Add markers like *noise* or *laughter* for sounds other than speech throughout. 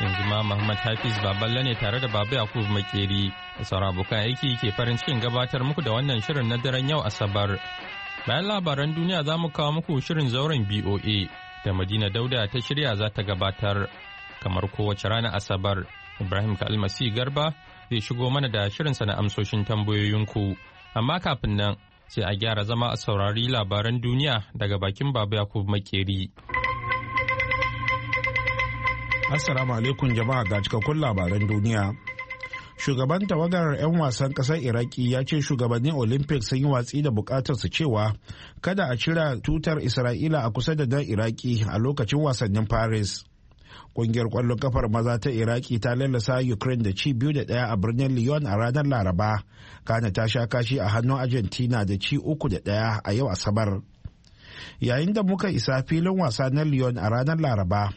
yanzu ma Muhammad Hafiz Baballe ne tare da Baba Yakub Makeri da sauran abokan aiki ke farin cikin gabatar muku da wannan shirin na daren yau Asabar. Bayan labaran duniya za mu kawo muku shirin zauren BOA da Madina Dauda ta shirya za ta gabatar. Kamar kowace rana Asabar, Ibrahim Kalmasi Garba zai shigo mana da shirinsa na amsoshin tambayoyinku. Amma kafin nan sai a gyara zama a saurari labaran duniya daga bakin Baba Yakub Makeri. Assalamu alaikum jama'a ga cikakkun labaran duniya. Shugaban tawagar 'yan wasan ƙasar Iraki ya ce shugabannin Olympics sun yi watsi da bukatar su cewa kada a cira tutar Isra'ila a kusa da dan Iraki a lokacin wasannin Paris. Kungiyar kwallon kafar maza ta Iraki ta lalasa Ukraine da ci biyu da ɗaya a birnin Lyon a ranar Laraba, kana ta sha kashi a hannun Argentina da ci uku da ɗaya a yau Asabar. Yayin da muka isa filin wasa na Lyon a ranar Laraba,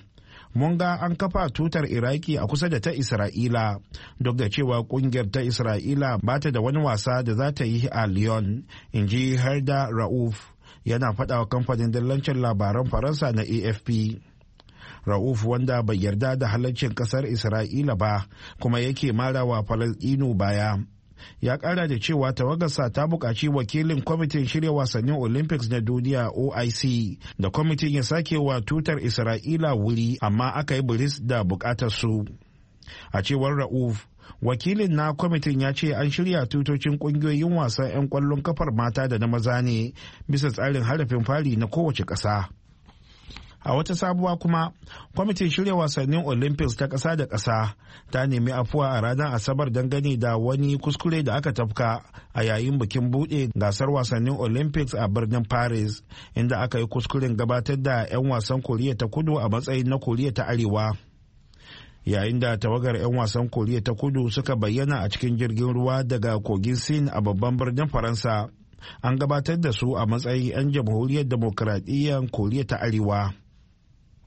mun ga an kafa tutar iraki a kusa da ta isra'ila duk da cewa kungiyar ta isra'ila ba ta da wani wasa da za ta yi a lyon in ji herda rauf yana faɗawa wa kamfanin dillancin labaran faransa na afp rauf wanda bai yarda da halaccin kasar isra'ila ba kuma yake marawa falasɗinu baya ya kara da cewa tawagarsa ta buƙaci wakilin kwamitin shirya wasannin olympics na duniya oic da kwamitin ya sake wa tutar isra'ila wuri amma aka yi buris da buƙatar su a cewar ra'uf wakilin na kwamitin ya ce an shirya tutocin ƙungiyoyin wasan 'yan kwallon kafar mata da na maza ne bisa tsarin harafin fari na kowace ƙasa. a wata sabuwa kuma kwamitin shirya wasannin olympics ta ƙasa da kasa ta nemi afuwa a ranar asabar dangane da wani kuskure da aka tafka a yayin bikin buɗe gasar wasannin olympics a birnin paris inda aka yi kuskuren gabatar da 'yan wasan koriya ta kudu a matsayin na koriya ta arewa yayin da tawagar 'yan wasan koriya ta kudu suka bayyana a cikin jirgin ruwa daga kogin sin a babban birnin faransa an gabatar da su a matsayin 'yan jamhuriyar demokradiyyar koriya ta arewa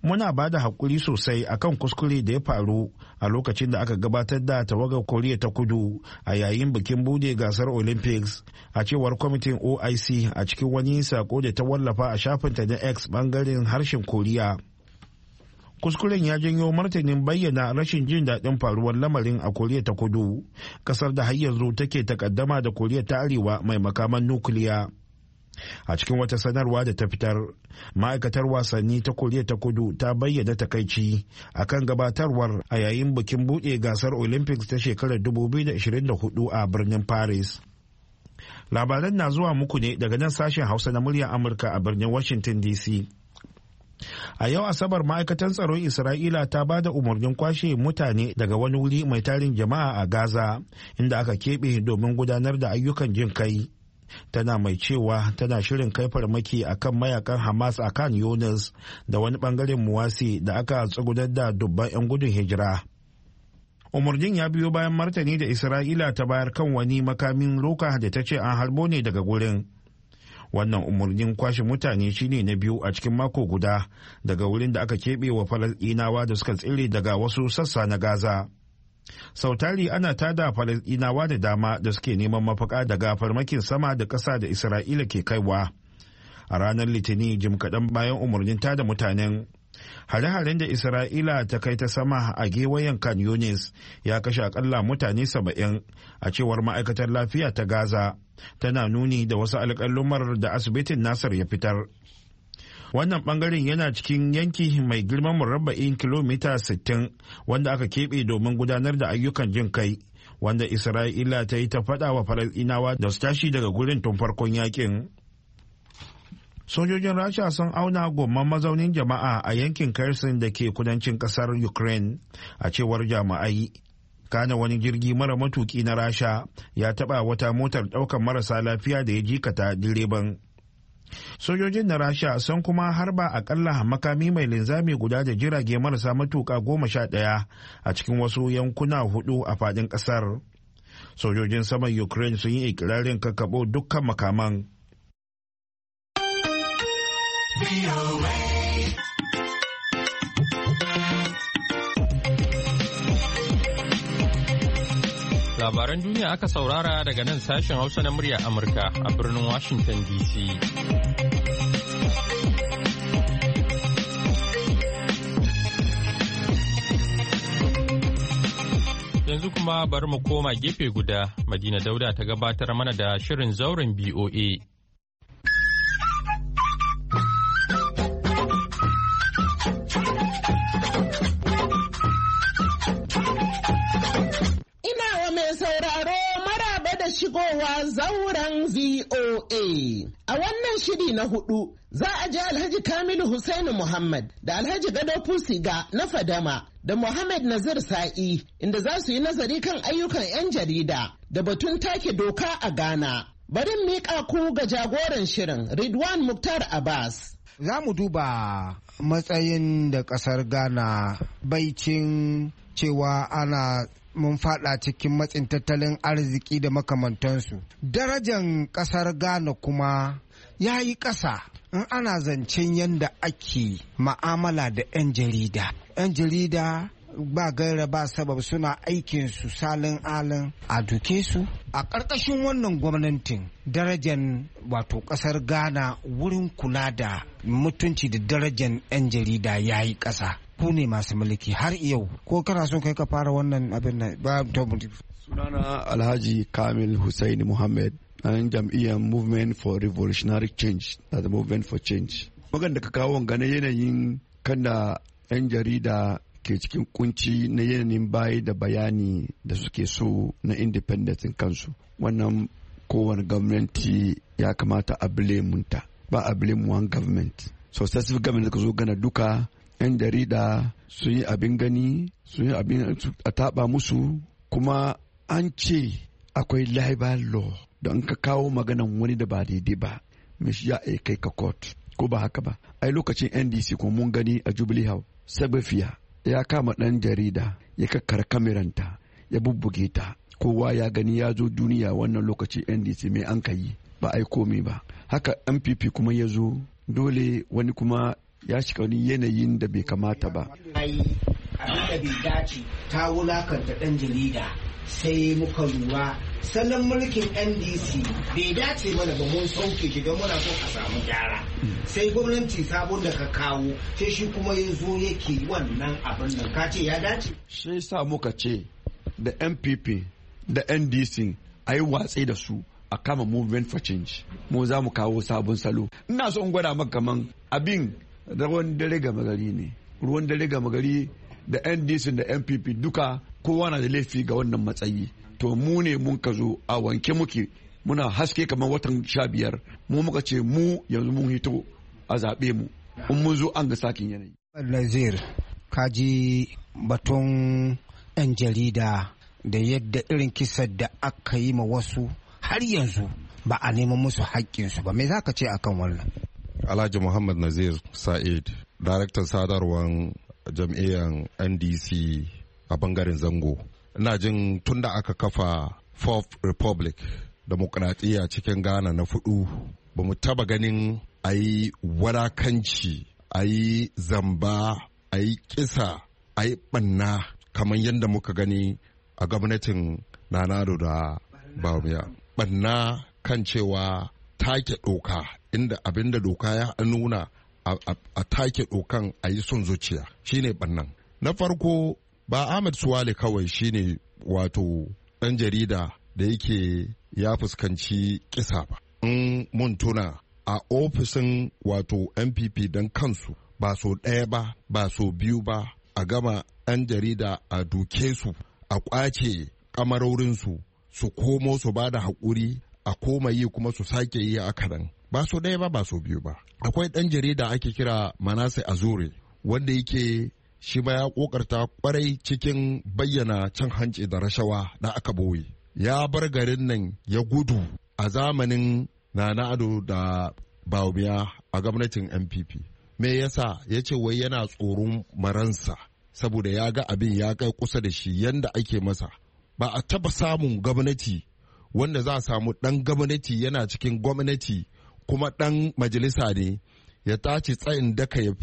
muna ba da haƙuri sosai a kan kuskure da ya faru a lokacin da aka gabatar da tawagar koriya ta kudu a yayin bikin bude gasar olympics a cewar kwamitin oic a cikin wani sako da ta wallafa a shafinta na x bangaren harshen koriya kuskuren ya janyo martanin bayyana rashin jin daɗin faruwar lamarin a koriya ta kudu ƙasar da har yanzu take takaddama da koriya ta arewa mai makaman nukiliya. a cikin wata sanarwa da ta fitar ma'aikatar wasanni ta koriya ta kudu ta bayyana takaici a kan gabatarwar a yayin bikin buɗe gasar olympics ta shekarar 2024 a birnin paris labaran na zuwa muku ne daga nan sashen hausa na muryar amurka a birnin washington dc a yau asabar ma'aikatan tsaron isra'ila ta ba da umarnin kwashe mutane daga wani wuri mai tarin jama'a a gaza inda aka keɓe domin gudanar da ayyukan jin kai tana mai cewa tana shirin kai farmaki a kan mayakan hamas a kan Yunus da wani bangaren muwasi da aka tsugudar da dubban 'yan gudun hijira umarnin ya biyo bayan martani da isra'ila ta bayar kan wani makamin roka da ta ce an harbo ne daga gurin wannan umarnin kwashe mutane shine na biyu a cikin mako guda daga wurin da aka keɓe wa falasɗinawa da suka tsire daga wasu sassa na gaza sautari ana tada falasɗinawa da dama da suke neman mafaka daga farmakin sama da ƙasa da isra'ila ke kaiwa a ranar litinin jim kaɗan bayan umarnin tada mutanen hare-haren da isra'ila ta kai ta sama a gewayen kan yunis ya kashe akalla mutane saba'in a cewar ma'aikatar lafiya ta gaza tana nuni da wasu alƙalumar da asibitin nasar ya fitar wannan bangaren yana cikin yanki mai girman murabba'in kilomita 60 wanda aka keɓe domin gudanar da ayyukan jin kai wanda isra'ila ta yi ta faɗa wa falasɗinawa da su tashi daga gurin tun farkon yakin sojojin rasha sun auna gomman mazaunin jama'a a yankin kersin da ke kudancin kasar ukraine a cewar jami'ai kana wani jirgi mara matuki na rasha ya taɓa wata motar ɗaukar marasa lafiya da ya jikata direban sojojin na rasha sun kuma harba akalla makami mai linzami guda da jirage marasa matuka goma sha ɗaya a cikin wasu yankuna hudu a fadin ƙasar sojojin saman ukraine sun yi ikirarin kakkaɓo dukkan makaman. Labaran duniya aka saurara daga nan sashen Hausa na murya Amurka a birnin Washington DC. Yanzu kuma bari mu koma gefe guda, Madina Dauda ta gabatar mana da shirin zauren BOA. shigowa zauren VOA. A wannan shiri na hudu za a ji Alhaji Kamilu Hussaini Muhammad da Alhaji Gado Fusiga na Fadama da Muhammad Nazir Sa'i inda za su yi nazari kan ayyukan 'yan jarida da batun take doka a Ghana. barin miƙa ku ga jagoran shirin Ridwan Muktar Abbas. Za mu duba matsayin da ƙasar Ghana baicin cewa ana mun fada cikin matsin tattalin arziki da makamantansu darajan kasar ghana kuma ya yi ƙasa in ana zancen yadda ake ma'amala da 'yan jarida 'yan jarida ba gaira ba sabab suna aikin su salin alin a duke su a ƙarƙashin wannan gwamnatin darajan wato ƙasar ghana wurin kula da mutunci da darajan 'yan jarida ya yi ƙasa ku ne masu mulki har yau ko kana so kai ka fara wannan abin nan ba sunana alhaji kamil hussaini muhammad ɗan jam'iyyar movement for revolutionary change na the movement for change magan da ka kawo gane yanayin kan da 'yan jarida ke cikin kunci na yanayin bayi da bayani da suke so na independence kansu wannan kowane gwamnati ya kamata a blame ta ba a blame one government so successive government ka zo gana duka 'yan jarida sun yi abin gani sun yi abin a taɓa musu kuma an ce akwai libel law don ka kawo maganan wani da ba daidai ba shi ya kai ka court ko ba haka ba ai lokacin ndc ko mun gani a jubilee house sabafiya ya kama ɗan jarida ya kakkar kameranta ya bubbuge ta kowa ya gani ya zo duniya wannan lokacin ndc mai an ka ba ai komi ba haka mpp kuma ya zo dole wani kuma ya shiga wani yanayin da bai kamata ba abinda bai dace ta wulakanta dan jarida sai muka lura salon mulkin ndc bai dace mana ba mun sauke shi don muna so a samu gyara sai gwamnati sabon da ka kawo sai shi kuma ya zo yake wannan abin nan ka ce ya dace shi sa muka ce da npp da ndc a yi watsi da su a kama movement for change mu za mu kawo sabon salo ina so in gwada maka kaman abin ruwan dare ga magari ne ruwan dare ga magari da ndc da npp duka kowa na da laifi ga wannan matsayi to mu ne mun ka zo a wanke muke muna haske kamar watan sha biyar mu muka ce mu yanzu mun hito a zaɓe mu in mun zo an ga sakin yanayi. Nazir kaji batun 'yan jarida da yadda irin kisan da aka yi ma wasu har yanzu ba a neman musu haƙƙinsu ba me za ka ce akan wannan Alhaji Muhammad Nazir Sa'id, daraktan sadarwar jam'iyyar NDC a bangaren zango. Ina jin tun da aka kafa Fourth Republic, demokradiyya cikin Ghana na fudu, ba mu taba ganin a yi wadakanci, a yi zamba, a yi kisa, a yi banna kamar yadda muka gani a gwamnatin Nanado da Bamiya. Banna kan cewa take doka inda abin da doka ya nuna a take dokan a yi son zuciya shine bannan na farko ba ahmed suwale kawai shine wato ɗan jarida da yake ya fuskanci kisa ba in mun tuna a ofishin wato npp dan kansu ba so ɗaya ba ba so biyu ba a gama 'yan jarida a duke su a kwace kamarorinsu su komo su ba da haƙuri a koma yi kuma su sake yi a kanan ba so ɗaya ba ba so biyu ba akwai ɗan jarida ake kira manase azure wanda yake shi ma ya kokarta kwarai cikin bayyana can hanci da rashawa da aka boye ya bar garin nan ya gudu a zamanin nana ado da baubiya a gwamnatin mpp me yasa ya ce wai yana tsoron maransa saboda ya ga abin ya kai kusa da shi yanda ake masa ba a taba samun gwamnati wanda za a samu ɗan gwamnati yana cikin gwamnati kuma ɗan majalisa ne ya tace tsayin daka ya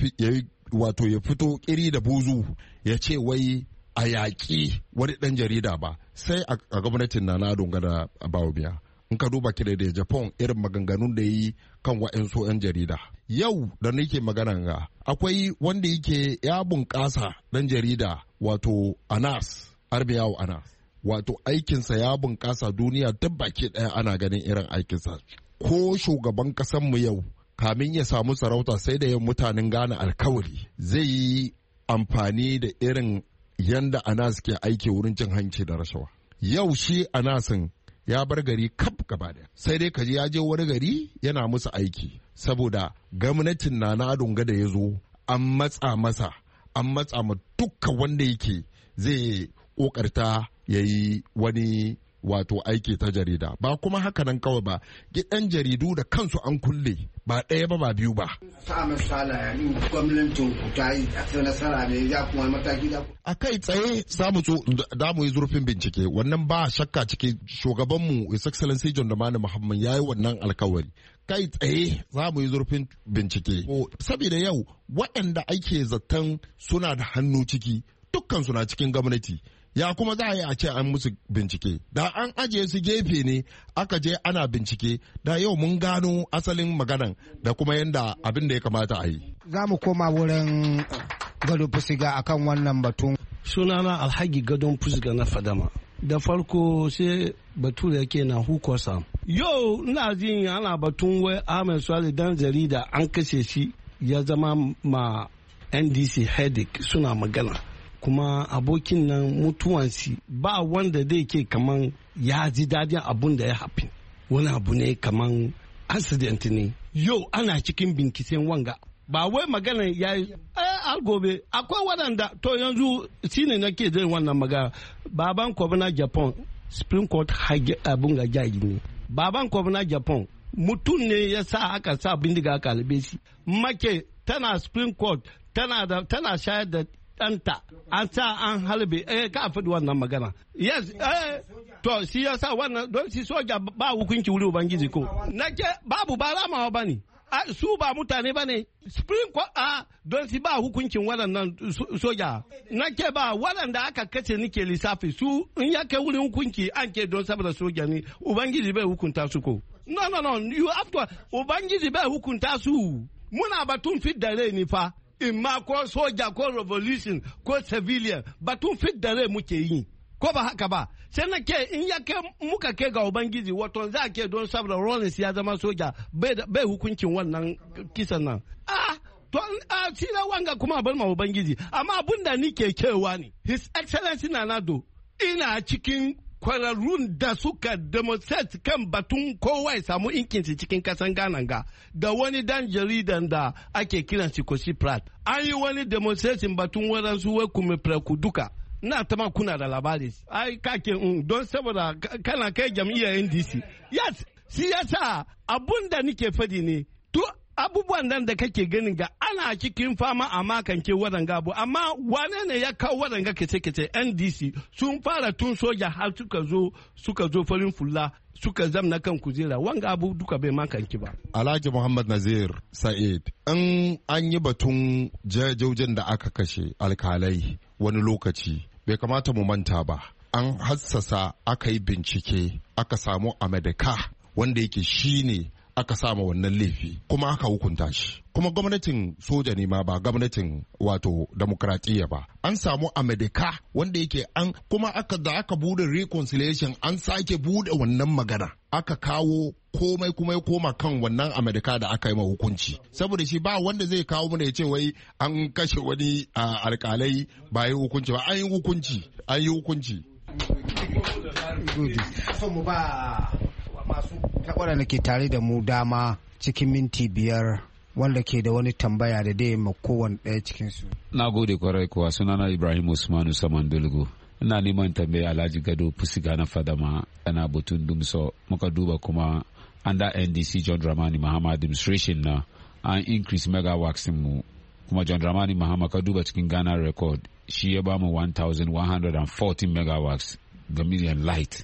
wato ya fito kiri da buzu ya ce wai a yaƙi wani ɗan jarida ba sai a gwamnatin na na gada a biya in ka duba kira da japan irin maganganun da yi kan wa'insu 'yan jarida yau da nake magana ga akwai wanda yake ya bunƙasa ɗan jarida wato anas arbiyawo anas wato aikinsa ya bunƙasa duniya duk baki ɗaya ana ganin irin aikinsa ko shugaban mu yau kamin ya samu sarauta sai da yin mutanen gane alkawari zai yi amfani da irin yanda anas ke aiki wurin cin hanci da rashawa yau shi anasin ya bar gari kaf gaba daya sai dai kaji ya je wani gari yana musu aiki saboda gwamnatin na na dunga da ya zo an matsa masa an matsa ma dukkan wanda yake zai kokarta ya yi wani wato aiki ta jarida ba kuma haka nan kawai ba gidan jaridu da kansu an kulle ba ɗaya ba ba biyu ba. a kai tsaye za mu da mu yi zurfin bincike wannan ba shakka ciki shugabanmu His Excellency John Dramani Muhammad ya yi wannan alkawari. Kai tsaye za mu yi zurfin bincike. Oh. Saboda yau waɗanda ake zaton suna da hannu ciki dukkan na cikin gwamnati ya kuma za a yi a ce an musu bincike da an ajiye su gefe ne aka je ana bincike da yau mun gano asalin maganan da kuma yadda abin da ya kamata a yi za mu koma wurin gado fusiga kan wannan batun sunana alhagi gadon fusiga na fadama da farko sai batu da yake na hukosa yau ina jin ana batun wai ahmed sali dan jarida an kashe shi ya zama ma ndc headache suna magana kuma abokin nan mutuwansi ba wanda zai ke kaman ya ji dadin abun da ya hafi wani abu ne kaman accident ne yau ana cikin binkisen wanga ba wai magana ya yi har eh, gobe akwai waɗanda to yanzu shine ke zai wannan magana baban kwabna japan supreme court abun ga jaji ne baban kwabna japan mutum ne ya sa aka sa bindiga aka albe shi make tana supreme court tana shayar da ɗanta an sa an halbe eh ka faɗi wannan magana yes eh to shi yasa wannan don shi soja ba hukunci wuri ubangiji ko nake babu ba ramawa bane su ba mutane ba ne supreme court a don su ba hukuncin waɗannan soja na ke ba waɗanda aka kace nike lissafi su in ya kai wurin hukunci an ke don saboda soja ne ubangiji bai hukunta su ko no no no you have to ubangiji bai hukunta su muna batun fit da rai ni fa imma ko soja ko revolution ko civilian batun fidda dare muke yi ko ba haka ba sai na ke in ya ke muka ke ga ubangiji wato za ke don saboda rollins ya zama soja bai hukuncin wannan kisan nan ah to a ah, shi na wanga kuma bar ma ubangiji amma abun da ni ke kewa ne his excellency nanado ina cikin kwararrun da suka demonstrat kan batun kowa ya samu inkinsu cikin kasan Ghana ga da wani dan jaridan da ake kiran shi Kosi An yi wani demonstration batun waransu wai kuma duka. na tama kuna da labari ai kake in mm, don saboda kana kai jam'iyyar ndc yes siyasa abun da nike fadi ne abubuwan nan da kake ganin ga ana cikin fama a makance wadan abu amma wane ne ya kawo ga kace kice ndc sun fara tun soja har suka zo suka zo farin fulla suka zamna kan kujera wanga abu duka bai makanki ba alhaji muhammad nazir sa'id in an yi batun jajojin da aka kashe alkalai wani lokaci bai kamata mu manta ba an hassasa aka yi bincike aka samu amadaka wanda yake shine aka sama wannan laifi kuma aka hukunta shi kuma gwamnatin soja ne ma ba gwamnatin wato demokratiya ba an samu amerika wanda yake an kuma aka da aka bude reconciliation an sake bude wannan magana aka kawo komai kuma ya koma kan wannan amerika da aka yi ma hukunci saboda shi ba wanda zai kawo mana ya ce wai an kashe wani alkalai ba yi hukunci ba an yi hukunci an yi hukunci masu taɓara da ke tare da mu dama cikin minti biyar wanda ke da wani tambaya da dai ma kowane ɗaya cikinsu. Na gode kwarai kuwa sunana Ibrahim Usmanu Saman Dulgu. Ina neman tambaya Alhaji Gado Fusiga na Fadama yana Butun Dumso muka duba kuma under NDC John Dramani Mahama administration na an increase megawatts mu kuma John Dramani Mahama ka duba cikin Ghana record shi ya bamu 1140 megawatts gamilian light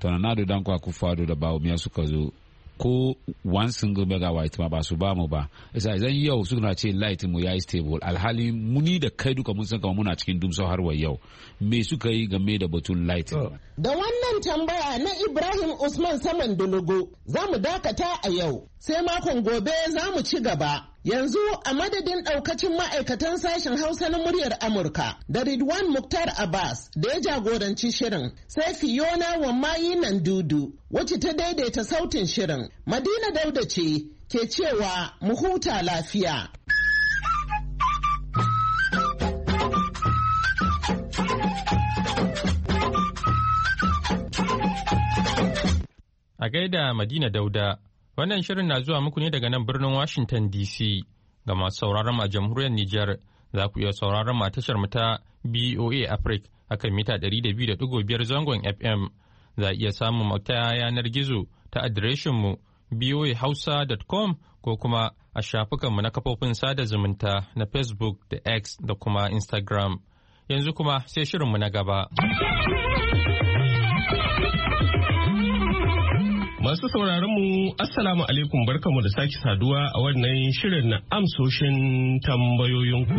to na nado danko fado da bawo miya suka zo ko one single megawatt ma ba su ba mu ba isa idan yau suna ce light mu yayi stable alhali muni da kai duka mun san kamar muna cikin dumso har wa yau me suka yi game da batun light da wannan tambaya na Ibrahim Usman Saman Dulugo za mu dakata a yau sai makon gobe za mu ci gaba Yanzu a madadin ɗaukacin ma'aikatan sashen Hausa na muryar Amurka da Ridwan Muktar Abbas da ya jagoranci shirin sai Fiona mayi nan dudu wacce ta daidaita sautin shirin. Madina Dauda ce ke cewa mu huta lafiya. A gaida Madina Dauda. Wannan shirin na zuwa muku ne daga nan birnin Washington DC ga masu sauraron a jamhuriyar Nijar za ku iya sauraron a tashar ta BOA Africa akan mita 200.5 zangon FM za iya samun ta yanar gizo ta adireshinmu mu boahausa.com ko kuma a shafukanmu na kafofin sada zumunta na Facebook da X da kuma Instagram. Yanzu kuma sai shirinmu na gaba. Masu sauraron mu Assalamu alaikum barkamu da sake saduwa a wannan shirin na amsoshin tambayoyinku.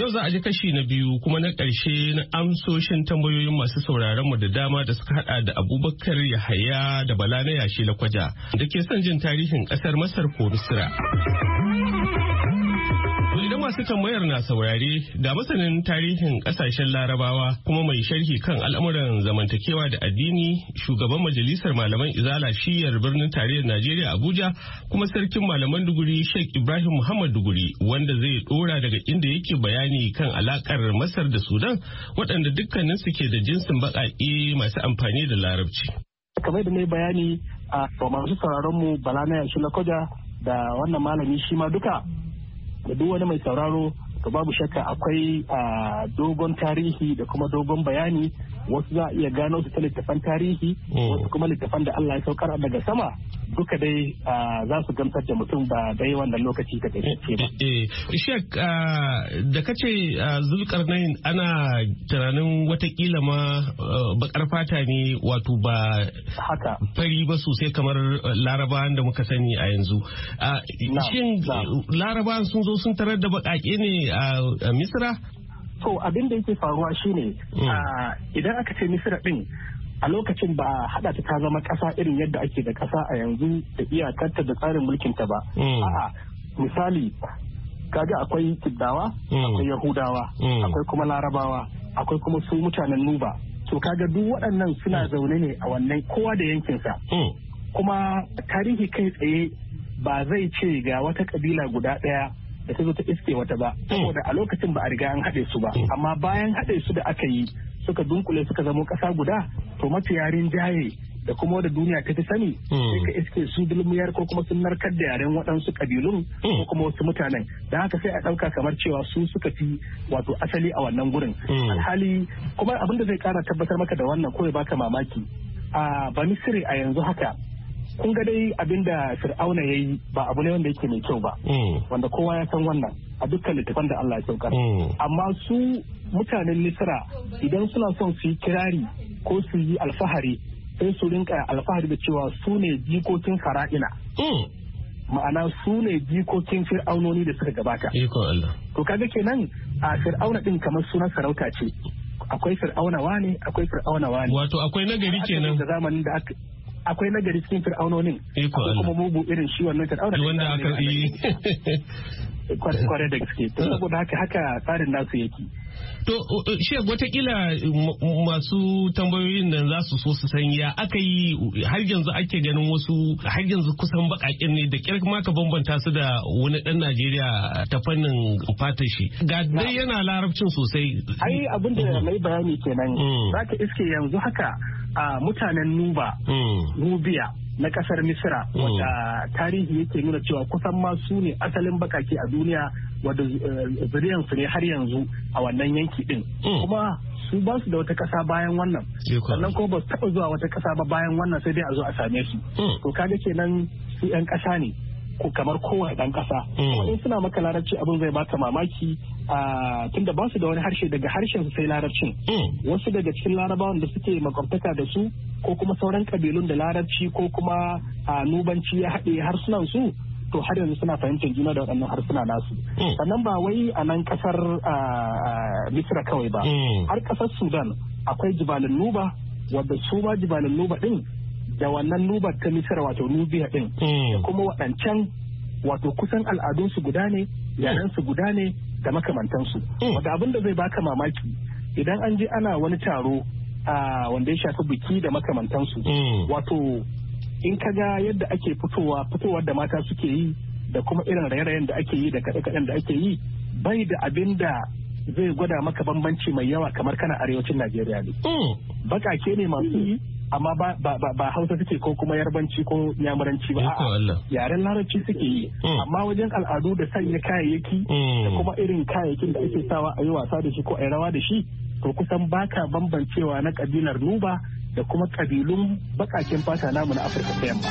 Yau za a ji kashi na biyu kuma na ƙarshe na amsoshin tambayoyin masu sauraron mu da dama da suka hada da Abubakar Yahaya da Bala na yashi Lakwaja da ke son jin tarihin ƙasar Masar ko Misira. masu mayar na saurare da masanin tarihin kasashen larabawa kuma mai sharhi kan al'amuran zamantakewa da addini shugaban majalisar malaman izala shiyar birnin tarihin najeriya abuja kuma sarkin malaman duguri sheikh ibrahim muhammad duguri wanda zai dora daga inda yake bayani kan alakar masar da sudan waɗanda dukkanin su ke da jinsin baƙaƙe masu amfani da larabci kamar da na bayani a masu sauraron mu bala na yashi lakoja da wannan malami shi ma duka da duk wani mai sauraro to babu shakka akwai ah, dogon tarihi da kuma dogon bayani wasu za a iya gano su ta littafan tarihi mm. wasu kuma littafan da Allah ya saukar daga sama duka dai ah, za su gamsar da mutum ba dai wannan lokaci eh, eh, eh. Ah, ka ce ba. Ah, Shek da ka kace Zulkarnain ana tunanin watakila ma bakar fata ne wato ba haka fari ba sosai kamar larabawan da muka sani a yanzu. Shin larabawan sun zo sun tarar da baƙaƙe ne a Misra? so abin da yake faruwa shine hmm. ah, idan aka ce misira din a lokacin ba hada ta zama kasa irin yadda ake da kasa a yanzu da iyakarta da tsarin mulkin ta ba hmm. a'a misali kaga akwai kiddawa hmm. akwai yahudawa akwai kuma larabawa akwai kuma su mutanen nuba to kaga duk waɗannan suna zaune ne a wannan kowa da yankinsa kuma tarihi kai tsaye ba zai ce ga wata kabila guda ɗaya da ta zo ta iske wata ba hmm. saboda a lokacin ba a riga an haɗe su ba hmm. amma bayan haɗe su da aka yi suka dunkule suka zamo ƙasa guda to yarin jaye da kuma wadda duniya ta fi sani hmm. sai ka iske su dulmiyar ko kuma sun narkar da yaren waɗansu ƙabilun ko kuma wasu mutanen da haka sai a ɗauka kamar cewa su suka fi wato asali a wannan gurin alhali kuma abin da zai ƙara tabbatar maka da wannan ko ya baka mamaki a banisiri a yanzu haka kun ga dai abin da fir'auna ya yi ba abu ne wanda yake mai kyau ba mm. wanda kowa ya san wannan a dukkan littafan da Allah ya saukar mm. amma su mutanen misra idan suna son su yi kirari ko su yi alfahari sai su rinka alfahari da cewa su ne jikokin fara'ina mm. ma'ana su ne jikokin fir'aunoni da suka gabata to kaga kenan a fir'auna din kamar sunan sarauta ce akwai fir'auna wane akwai fir'auna wane wato akwai nagari kenan da zamanin da aka akwai nagari cikin fir'aunonin eh, akwai kuma mugu irin shi wannan da wanda aka yi *laughs* kwarai da gaske to saboda haka haka tsarin nasu yake To, uh, uh, Shek, watakila uh, masu tambayoyin nan za su so su san ya aka yi har yanzu ake ganin wasu har yanzu kusan bakakin ne da ƙyar ma ka bambanta su da wani ɗan Najeriya ta fannin fata shi. Ga dai yana larabcin sosai. Ai abin da mai mm-hmm. bayani kenan. Mm. Za ka iske yanzu haka a mutanen Nuba, mm. Nubiya, na kasar misira mm. wata tarihi yake nuna cewa kusan ma su ne asalin bakake a duniya wadda eh, zuriyan ne har yanzu a wannan yanki din hmm. kuma su ba su da wata kasa bayan wannan sannan kuma ba su taba zuwa wata kasa ba bayan wannan sai dai a zo a same su hmm. to kaga kenan su yan kasa ne ko kamar kowane dan kasa hmm. in suna maka larabci abin zai bata mamaki tunda ba su da wani harshe daga harshen su sai larabcin wasu daga cikin larabawan da suke makwabtaka da su ko kuma sauran kabilun da larabci ko kuma nubanci ya haɗe harsunan su to har yanzu suna fahimtar juna da waɗannan harsuna nasu hmm. sannan ba wai a nan ƙasar misra kawai ba hmm. har ƙasar sudan akwai jibalin nuba wadda su ma jibalin nuba ɗin da wannan Nuba ta misra wato nubiya ɗin hmm. kuma waɗancan wato kusan al'adunsu guda ne yarensu guda ne da makamantansu wadda abin da zai baka mamaki idan an je ana wani taro a wanda ya shafi biki da makamantansu wato in ka ga yadda ake fitowa fitowar da mata suke yi da kuma irin raye-rayen da ake yi da kaɗe-kaɗen da ake yi bai da abin da zai gwada maka bambanci mai yawa kamar kana arewacin najeriya ne mm. bakake ne masu yi amma ba hausa suke ko kuma yarbanci ko yamuranci ba yaren larabci suke yi mm. amma wajen al'adu da sanya kayayyaki mm. da kuma irin kayayyakin da ake sawa a yi wasa da shi ko a yi rawa da shi to kusan baka bambancewa na kabilar nuba da kuma kabilun bakakin fata namu na afirka ta yamma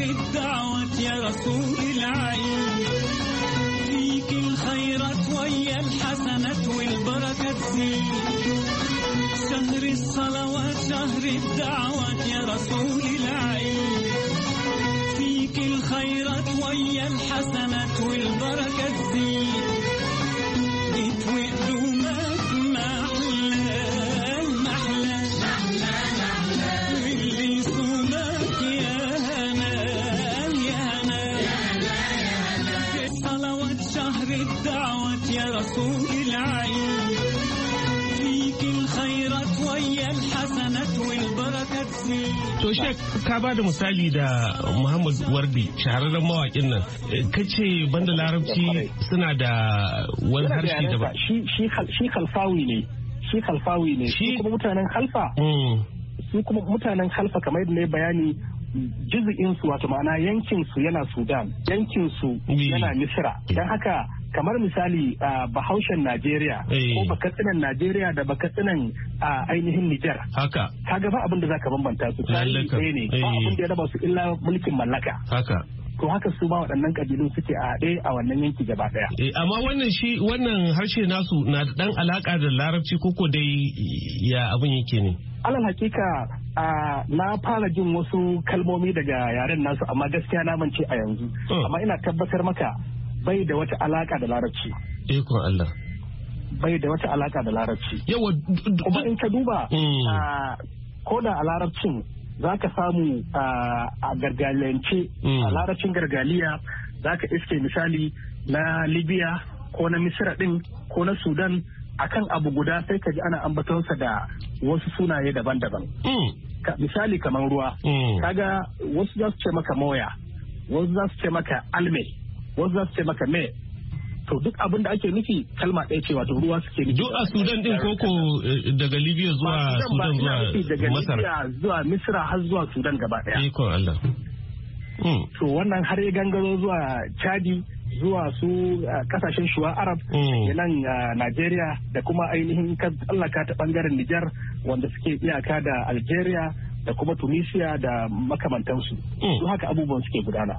بالدعوة يا رسول العين فيك الخيرات ويا الحسنات والبركة تزيد شهر الصلوات شهر الدعوة يا رسول العين ka ba da misali da Muhammad Wardi shahararren mawakin nan ka ce banda larabci suna da wani harshe da ba. Shi kalfawi ne. Shi kalfawi ne. Shi kuma mutanen halfa. Su kuma mutanen halfa mm. kamar yadda na bayani jizi'insu wato ma'ana yankinsu yana Sudan, yankinsu yana Misira. Don haka kamar misali bahaushen Najeriya eh. ko bakatsinan Najeriya da bakatsinan ainihin Nijar. Haka. Ka ga ba abin da zaka bambanta su yi ɗaya ne ba eh. abin da ya raba su illa mulkin mallaka. Haka. to haka su ma waɗannan kabilun suke a haɗe a wannan yanki gaba ɗaya. Eh, amma wannan shi wannan harshe nasu na da ɗan alaƙa da larabci koko dai ya abin yake ne. alal hakika na fara jin wasu kalmomi daga yaren nasu amma gaskiya na mance a yanzu oh. amma ina tabbatar maka bai da wata alaka da larabci ikon Allah bai da wata alaka da larabci yawa kuma in ka duba mm. ko da a larabcin za ka samu a gargaliyance mm. a larabcin gargaliya za ka iske misali na libya ko na misira din ko na sudan akan abu guda sai ka ji ana ambatonsa da wasu sunaye daban-daban mm. misali kamar ruwa kaga wasu za su ce maka moya wasu za su ce maka almai. wasu za su ce maka me to duk abin da ake nufi kalma ɗaya ce wato ruwa suke nufi duk a sudan din koko eh, daga libya zuwa sudan zuwa masar daga zuwa misra har zuwa sudan gaba ɗaya ikon allah hmm. to wannan har ya gangaro zuwa chadi zuwa su eh, kasashen shuwa arab hmm. da nan eh, nigeria da kuma ainihin tsallaka ta bangaren nijar wanda suke iyaka da algeria da kuma tunisia da makamantansu su hmm. haka abubuwan suke gudana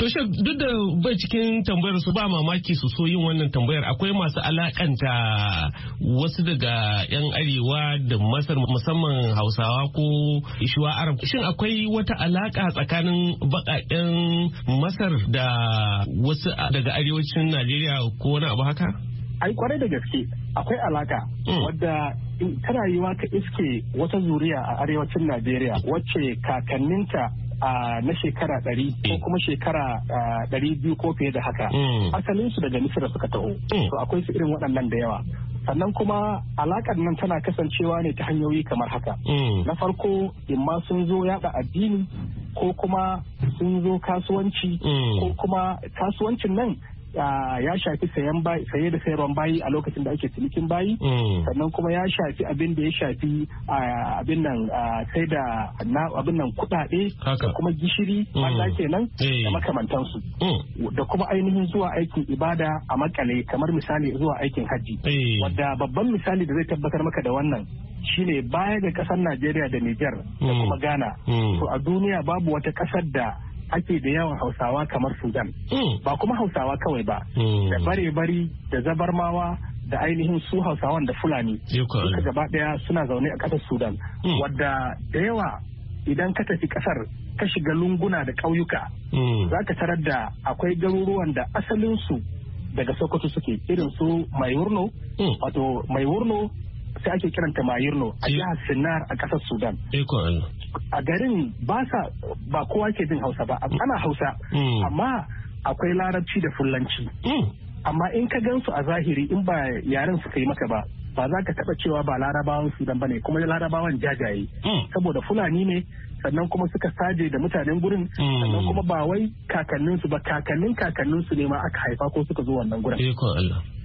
To duk da bai cikin tambayar su ba mamaki su so yin wannan tambayar akwai masu alakanta wasu daga 'yan arewa da masar musamman hausawa ko ishuwa arab. Shin akwai wata alaka tsakanin baƙaƙen masar da wasu daga arewacin Najeriya ko wani abu haka? Ai kwarai da gaske akwai alaka hmm. wadda ta rayuwa ta iske wata zuriya a arewacin Najeriya wacce kakanninta na shekara ɗari ko mm. kuma shekara ɗari biyu ko fiye da haka mm. asalin su daga misira suka taho mm. to akwai su irin waɗannan da yawa sannan kuma alakar nan tana kasancewa ne ta hanyoyi kamar haka na farko in ma sun zo yada addini ko kuma sun zo kasuwanci ko kuma kasuwancin nan ya shafi sayan bayi saye da sayarwan bayi a lokacin da ake cinikin bayi mm. sannan kuma ya shafi abin da ya shafi abin nan sai da abin nan kuɗaɗe da kuma gishiri mm. wanda kenan da makamantansu mm. da kuma ainihin zuwa aikin ibada a makale kamar misali zuwa aikin hajji wadda babban misali da zai tabbatar maka da wannan shine baya ga kasar Najeriya da Nijar da kuma Ghana to a duniya babu wata kasar da ake da yawan hausawa kamar sudan mm. ba kuma hausawa kawai ba mm. da bare-bari da zabarmawa da ainihin su hausawan da fulani duka gaba daya suna zaune a ƙasar sudan mm. wadda da yawa idan ka tafi ƙasar ka shiga lunguna da ƙauyuka za ka tarar da akwai garuruwan da asalinsu daga sokoto suke irin su mai wato mai sai ake kiranta mayurno a jihar sinar a ƙasar sudan a garin ba sa ba kowa ke jin hausa ba ana hausa hmm. amma akwai larabci da fulanci hmm. amma in ka gansu a zahiri in ba yaren suka yi maka ba ba za ka taba cewa ba larabawan sudan ba ne kuma larabawan jajaye hmm. saboda fulani ne sannan kuma suka saje da mutanen gurin sannan kuma ba wai kakanninsu ba kakannin kakanninsu ne ma aka haifa ko suka zo wannan gurin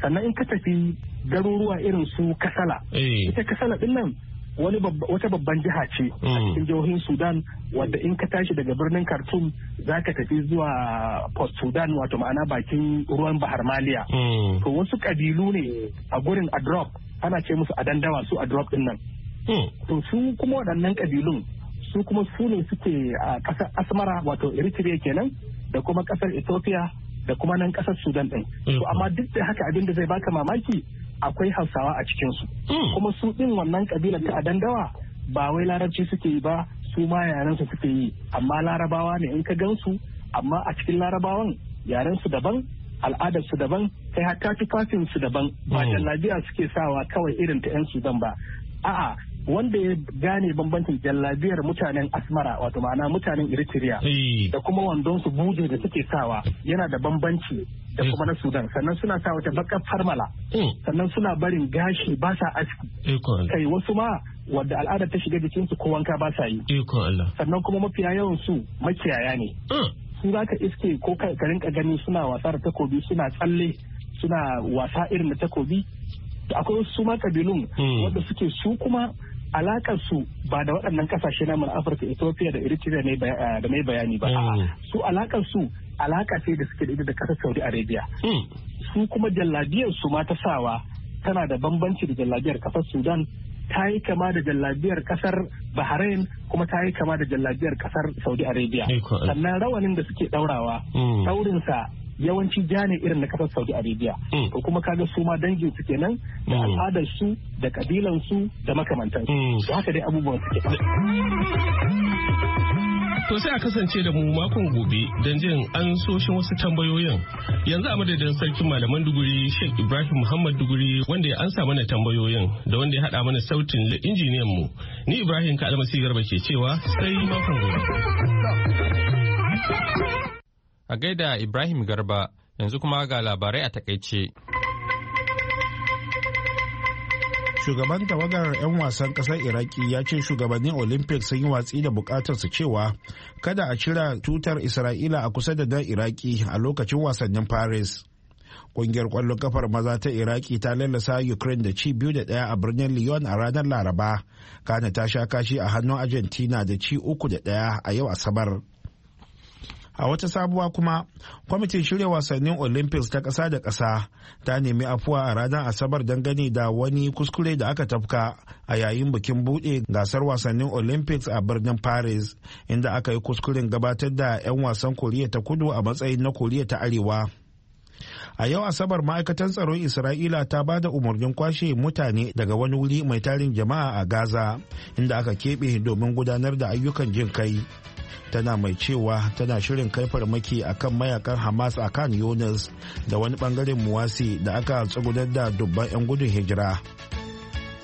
sannan in ka tafi garuruwa irin su kasala eh. ita kasala din nan wani wata babban jiha ce a hmm. cikin jihohin Sudan wadda in ka tashi daga birnin Khartoum za ka tafi zuwa Port Sudan wato ma'ana bakin ruwan Bahar Maliya. Hmm. To wasu kabilu ne a gurin Adrop ana ce musu adandawa su Adrop din nan. Hmm. To su kuma waɗannan kabilun su kuma su ne suke a ƙasar Asmara wato Eritrea kenan da kuma ƙasar Ethiopia da kuma nan ƙasar Sudan din. To amma duk da haka abin da zai baka mamaki akwai hausawa a cikin su hmm. kuma su ɗin wannan kabilar ta dandawa ba wai larabci suke yi ba su ma yarensu suke yi amma larabawa ne in ka gansu amma a cikin larabawan yarensu daban al'adarsu daban kai hatta su daban ba hmm. jallabiya suke sawa kawai irin ta 'yan sudan ba a'a wanda ya gane bambancin jallabiyar mutanen asmara wato ma'ana mutanen eritrea eh. da kuma wandon su buje da suke sawa yana da bambanci da kuma na sudan sannan suna sa wata bakar farmala hmm. sannan suna barin gashi ba sa aski kai wasu ma wadda al'adar ta shiga jikinsu ko wanka ba sa yi sannan kuma mafiya yawan su makiyaya ne hmm. su za ka iske ko ka rinka gani suna wasa da takobi suna tsalle suna wasa irin da takobi akwai wasu ma kabilun hmm. wadda suke su kuma alakar su ba da waɗannan kasashe na mun Afirka Ethiopia da Eritrea eh, da mai bayani ba su alakar su alaka ce da suke da ita da kasar saudi arabia hmm. su kuma jallabiyar su ma ta sawa tana da bambanci da jallabiyar kasar sudan ta yi kama da jallabiyar kasar bahrain kuma ta yi kama da jallabiyar kasar saudi arabia sannan rawanin da suke daurawa saurinsa hmm. yawanci ja ne irin na kasar saudi arabia hmm. to kuma kaga su ma dangin su kenan da al'adar su da kabilan su da makamantan su haka dai abubuwan suke To sai a kasance da mu makon gobe don jin an soshin wasu tambayoyin. Yanzu a madadin sarkin malaman duguri Sheikh Ibrahim Muhammad duguri wanda ya ansa mana tambayoyin da wanda ya hada mana sautin da injiniyan mu. Ni Ibrahim ka almasi garba ke cewa sai makon gobe. A gaida Ibrahim Garba yanzu kuma ga labarai a takaice. shugaban tawagar 'yan wasan kasar iraki ya ce shugabannin olympics sun yi watsi da su cewa kada a cira tutar isra'ila a kusa da dan iraki a lokacin wasannin paris kungiyar kwallon kafar maza ta iraki ta lalasa ukraine da ci biyu da daya a birnin lyon a ranar laraba kana ta sha kashi a hannun argentina da ci uku da daya a yau asabar a wata sabuwa kuma kwamitin shirya wasannin olympics ta ƙasa da ƙasa ta nemi afuwa a ranar asabar dangane da wani kuskure da aka tafka a yayin bikin buɗe gasar wasannin olympics a birnin paris inda aka yi kuskuren gabatar da 'yan wasan koriya ta kudu a matsayin na koriya ta arewa a yau asabar ma'aikatan tsaron isra'ila ta ba da umarnin kwashe mutane daga wani wuri mai tarin jama'a a gaza inda aka keɓe domin gudanar da ayyukan jin kai tana mai cewa tana shirin kai farmaki akan mayakan hamas a kan yunus da wani bangaren muwasi da aka tsugunar da dubban 'yan gudun hijira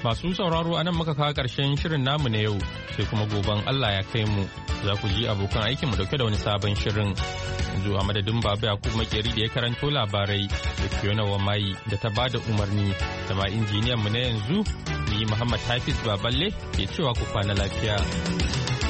Masu sauraro a nan muka kawo ƙarshen shirin namu na yau sai kuma goben Allah ya kai mu za ku ji abokan aikin mu dauke da wani sabon shirin. Yanzu a madadin Baba kuma Makeri da ya karanto labarai da Fiona mai da ta bada umarni da ma injiniyan mu na yanzu ni Muhammad Hafiz Baballe ke cewa ku kwana lafiya.